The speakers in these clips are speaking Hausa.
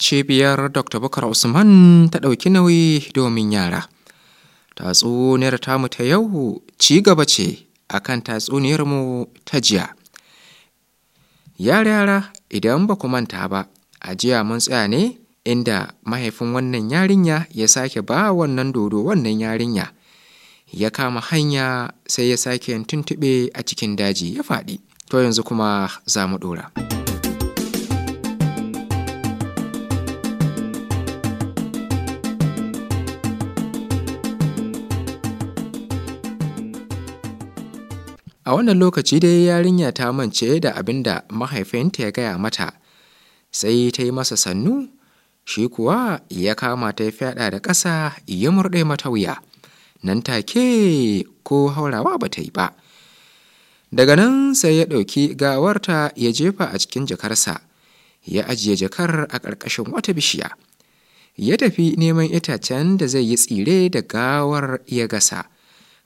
cibiyar dr bukar usman ta ɗauki nauyi domin yara tatsuniyar tamu ta yau ci gaba ce akan tatsuniyarmu ta jiya yara yara idan ba ku manta ba a jiya mun tsaya ne inda mahaifin wannan yarinya ya sake ba wannan dodo wannan yarinya ya kama hanya sai ya sake tuntuɓe a cikin daji ya faɗi to yanzu kuma za mu ɗora. A wannan lokaci dai yarinya ta mance da abin da mahaifinta ya gaya mata, sai ta yi masa sannu, shi kuwa ya kama ta ya fyaɗa da ƙasa ya murɗe mata wuya, nan take ko haurawa ba ta yi ba. Daga nan sai ya ɗauki gawarta ya jefa a cikin jakarsa, ya ajiye jakar a ƙarƙashin wata bishiya. Ya tafi neman itacen da zai yi tsire da gawar ya gasa,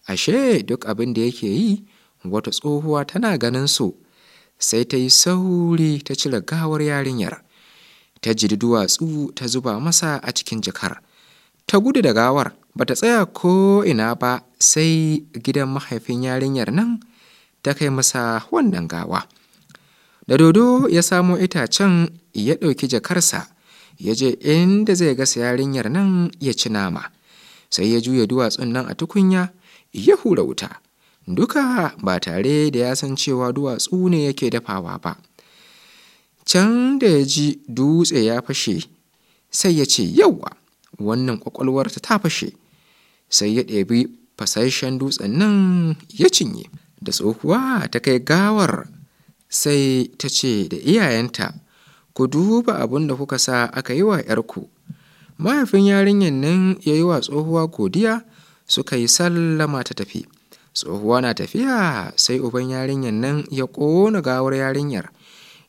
ashe duk abin da yake yi. wata tsohuwa tana ganin su sai ta yi sauri ta cire gawar yarinyar ta jiri duwatsu ta zuba masa a cikin jakar ta gudu da gawar ba ta tsaya ko ina ba sai gidan mahaifin yarinyar nan ta kai masa wannan gawa da dodo ya samo itacen ya ɗauki jakarsa ya je inda zai gasa yarinyar nan ya ci nama sai ya juya duwatsun nan a tukunya ya hura wuta duka ba tare da ya san cewa duwatsu ne yake dafawa ba can da ya ji dutse ya fashe sai ya ce yauwa wannan kwakwalwarta ta fashe sai ya ɗabi fasashen dutsen nan ya cinye da tsohuwa ta kai gawar sai ta ce da iyayenta ku duba abin da kuka sa aka yi wa ‘yarku mahaifin yarinyar nan ya yi wa tsohuwa godiya suka yi sallama ta tafi tsohuwa na tafiya sai uban yarinyar nan ya ƙona gawar yarinyar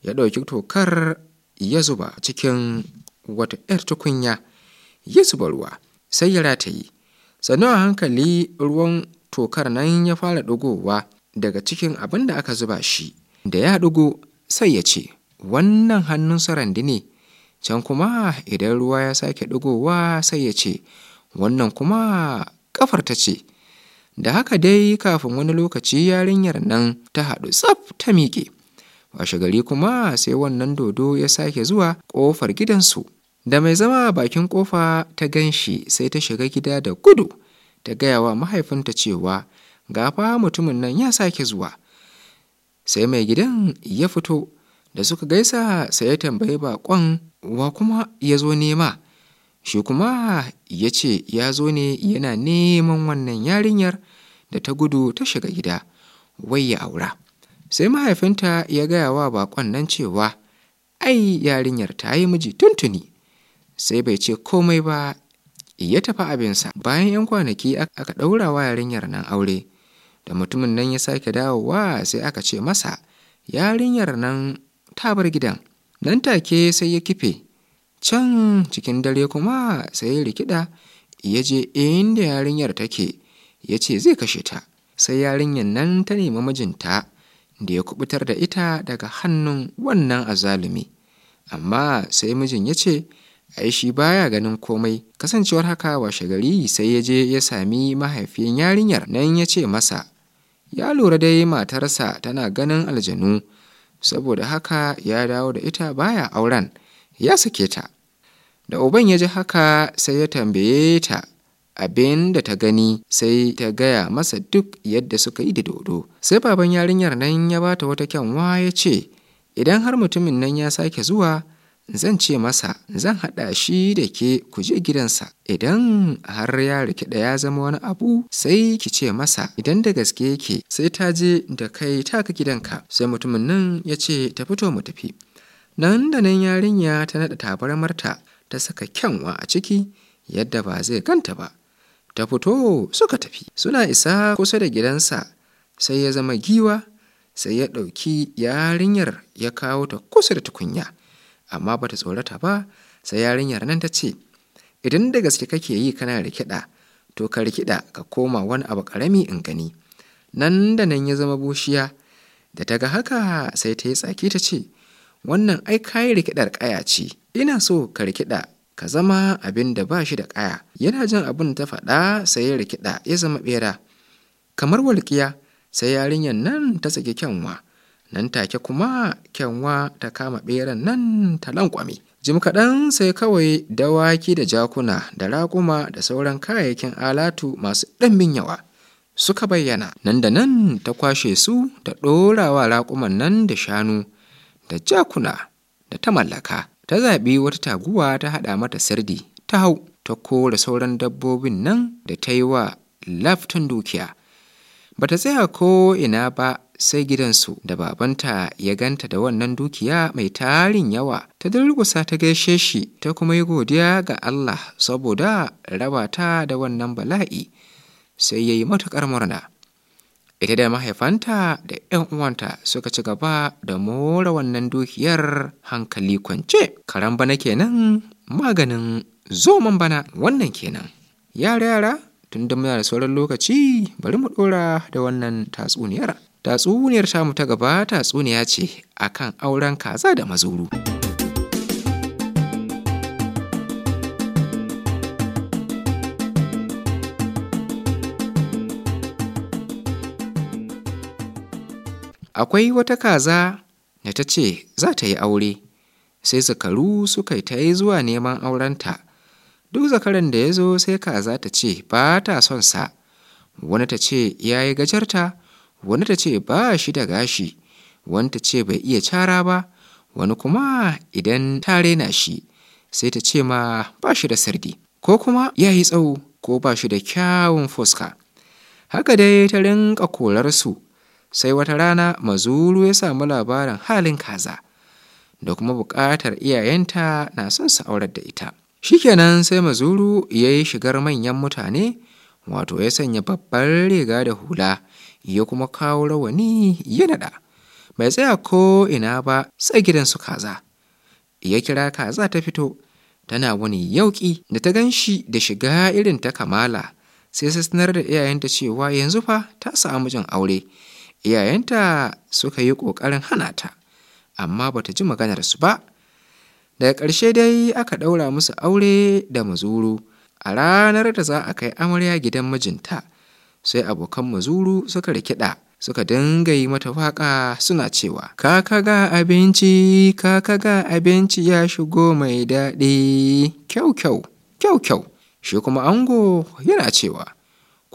ya ɗauki tokar ya zuba cikin wata 'yar tukunya ya zuba ruwa sai ya rataye sannan a hankali ruwan tokar nan ya fara ɗigowa daga cikin abin da aka zuba shi da ya ɗugo sai ya ce wannan hannun sarandi ne can kuma idan ruwa ya sake ɗigowa sai ya ce wannan kuma ƙafar ta ce da haka dai kafin wani lokaci yarinyar nan ta haɗu tsaf ta miƙe washe gari kuma sai wannan dodo ya sake zuwa ƙofar gidansu da mai zama bakin ƙofa ta gan shi sai ta shiga gida da gudu ta gaya wa mahaifinta cewa gafa mutumin nan ya sake zuwa sai mai gidan ya fito da suka gaisa sai ya tambayi baƙon wa kuma ya zo nema shi kuma ya ce ya zo ne yana neman wannan yarinyar da ta gudu ta shiga gida wai ya aura sai mahaifinta ya gaya wa bakon nan cewa ai yarinyar ta yi miji tuntuni sai bai ce komai ba ya tafi abinsa bayan 'yan kwanaki aka ɗaura wa yarinyar nan aure da mutumin nan ya sake dawowa sai aka ce masa yarinyar nan ta bar gidan nan take sai ya kife can cikin dare kuma sai rikida ya je inda yarinyar take ya ce zai kashe ta sai yarinyar nan ta nemi mijinta da ya kubutar da ita daga hannun wannan azalumi amma sai mijin ya ce ai shi baya ganin komai kasancewar haka washe gari sai ya je ya sami mahaifiyan yarinyar nan ya ce masa ya lura dai matarsa tana ganin aljanu saboda haka ya dawo da ita baya auren ya sake ta da uban ya ji haka sai ya tambaye ta abin da ta gani sai ta gaya masa duk yadda suka yi da dodo sai baban yarinyar nan ya ba ta wata kyanwa ya ce idan har mutumin nan ya sake zuwa zan ce masa zan haɗa shi da ke ku je gidansa idan har ya rikida ya zama wani abu sai ki ce masa idan da gaske yake sai ta je da kai taka gidanka sai mutumin nan ya ce ta fito mu tafi nan da nan yarinya ta naɗa tabarmarta ta saka kyanwa a ciki yadda ba zai ganta ba ta fito suka tafi suna isa kusa da gidansa sai ya zama giwa sai ya ɗauki yarinyar ya kawo ta kusa da tukunya amma ba ta tsorata ba sai yarinyar nan ta ce idan da gaske kake yi kana rikida to ka rikida ka koma wani abu ƙarami in gani nan da nan ya zama bushiya da ta ga haka sai ta yi tsaki ta ce wannan ai kayi rikidar ƙaya ce ina so ka rikida ka zama abin da ba shi da ƙaya yana jin abin ta faɗa sai ya rikida ya zama ɓera kamar walƙiya sai yarinyar nan ta saki kyanwa nan take kuma kyanwa ta kama ɓeran nan ta lankwame jim kaɗan sai kawai dawaki da jakuna da raƙuma da sauran kayayyakin alatu masu ɗanbin yawa suka bayyana nan da nan ta kwashe su ta ɗorawa raƙuman nan da shanu da jakuna da ta mallaka ta zaɓi wata taguwa ta haɗa mata sardi ta hau ta kora sauran dabbobin nan da ta yi wa laftin dukiya ba ta tsaya ko ina ba sai gidansu da babanta ya ganta da wannan dukiya mai tarin yawa ta durgusa ta gaishe shi ta kuma yi godiya ga Allah saboda raba ta da wannan bala'i sai ya yi matuƙar murna ita da mahaifanta da 'yan uwanta suka ci gaba da more wannan dukiyar hankali kwance karan bana kenan maganin zoman bana wannan kenan yara yara tun da muna da sauran lokaci bari mu ɗora da wannan tatsuniyar tatsuniyar tamu ta gaba tatsuniya ce akan auren kaza da mazuru. akwai wata kaza da ta ce za ta yi aure sai zakaru suka yi ta yi zuwa neman aurenta duk zakaran da ya zo sai kaza ta ce ba ta son sa wani ta ce ya yi gajarta wani ta ce ba shi da gashi wani ta ce bai iya cara ba wani kuma idan ta rena shi sai ta ce ma ba shi da sardi ko kuma ya yi tsawo ko ba shi da kyawun fuska haka dai ta rinka korarsu sai wata rana mazuru ya samu labarin halin kaza da kuma buƙatar iyayenta na son su aurar da ita shikenan sai mazuru ya yi shigar manyan mutane wato ya sanya babbar riga da hula ya kuma kawo rawani ya naɗa bai tsaya ko ina ba sai su kaza ya kira kaza ta fito tana wani yauƙi da ta gan shi da shiga irin ta kamala sai sanar da iyayenta cewa yanzu fa ta samu jin aure Iyayenta suka yi ƙoƙarin hana ta, amma ba ta ji maganarsu ba. Daga ƙarshe dai aka ɗaura musu aure da mazuru. A ranar da za a kai amarya gidan mijinta, sai abokan mazuru suka rikida suka dinga yi mata waƙa suna cewa, Kaka ga abinci, kaka ga abinci ya shigo mai daɗi, kyau kyau, kyau kyau. Shi kuma ango yana cewa,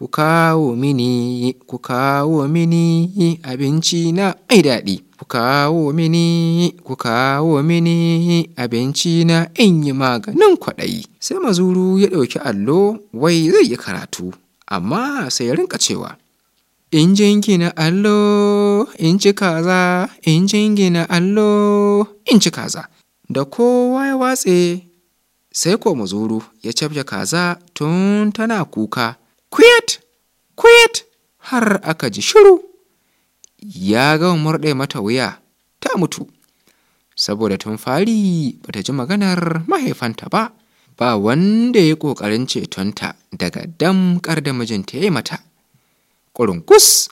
Ku kawo mini, ku kawo mini abinci na mai daɗi. Ku kawo mini, ku kawo mini abinci na in yi maganin kwaɗayi. Sai mazuru ya ɗauki allo wai zai yi karatu, amma sai ya rinka cewa, In na allo, in ci kaza, in na allo, in ci kaza. Da kowa ya watse, sai ko mazuru ya cafke kaza tun tana kuka. kwit kwit har aka ji shiru ya gama murɗe mata wuya ta mutu saboda tun fari bata ji maganar mahaifanta ba ba wanda ya ƙoƙarin cetonta daga damƙar da mijinta ya yi mata ƙurungus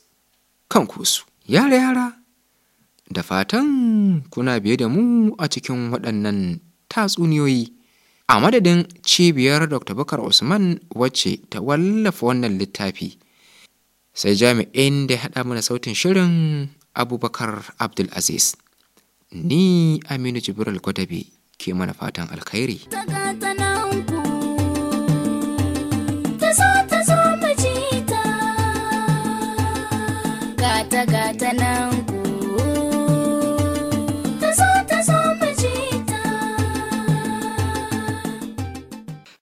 kan kusu yara yara da fatan kuna biye da mu a cikin waɗannan tatsuniyoyi a madadin cibiyar dr bakar usman wacce ta wallafa wannan littafi sai jami'in da ya haɗa mana sautin shirin abubakar abdulaziz ni aminu jibril gwadabe ke mana fatan alkhairi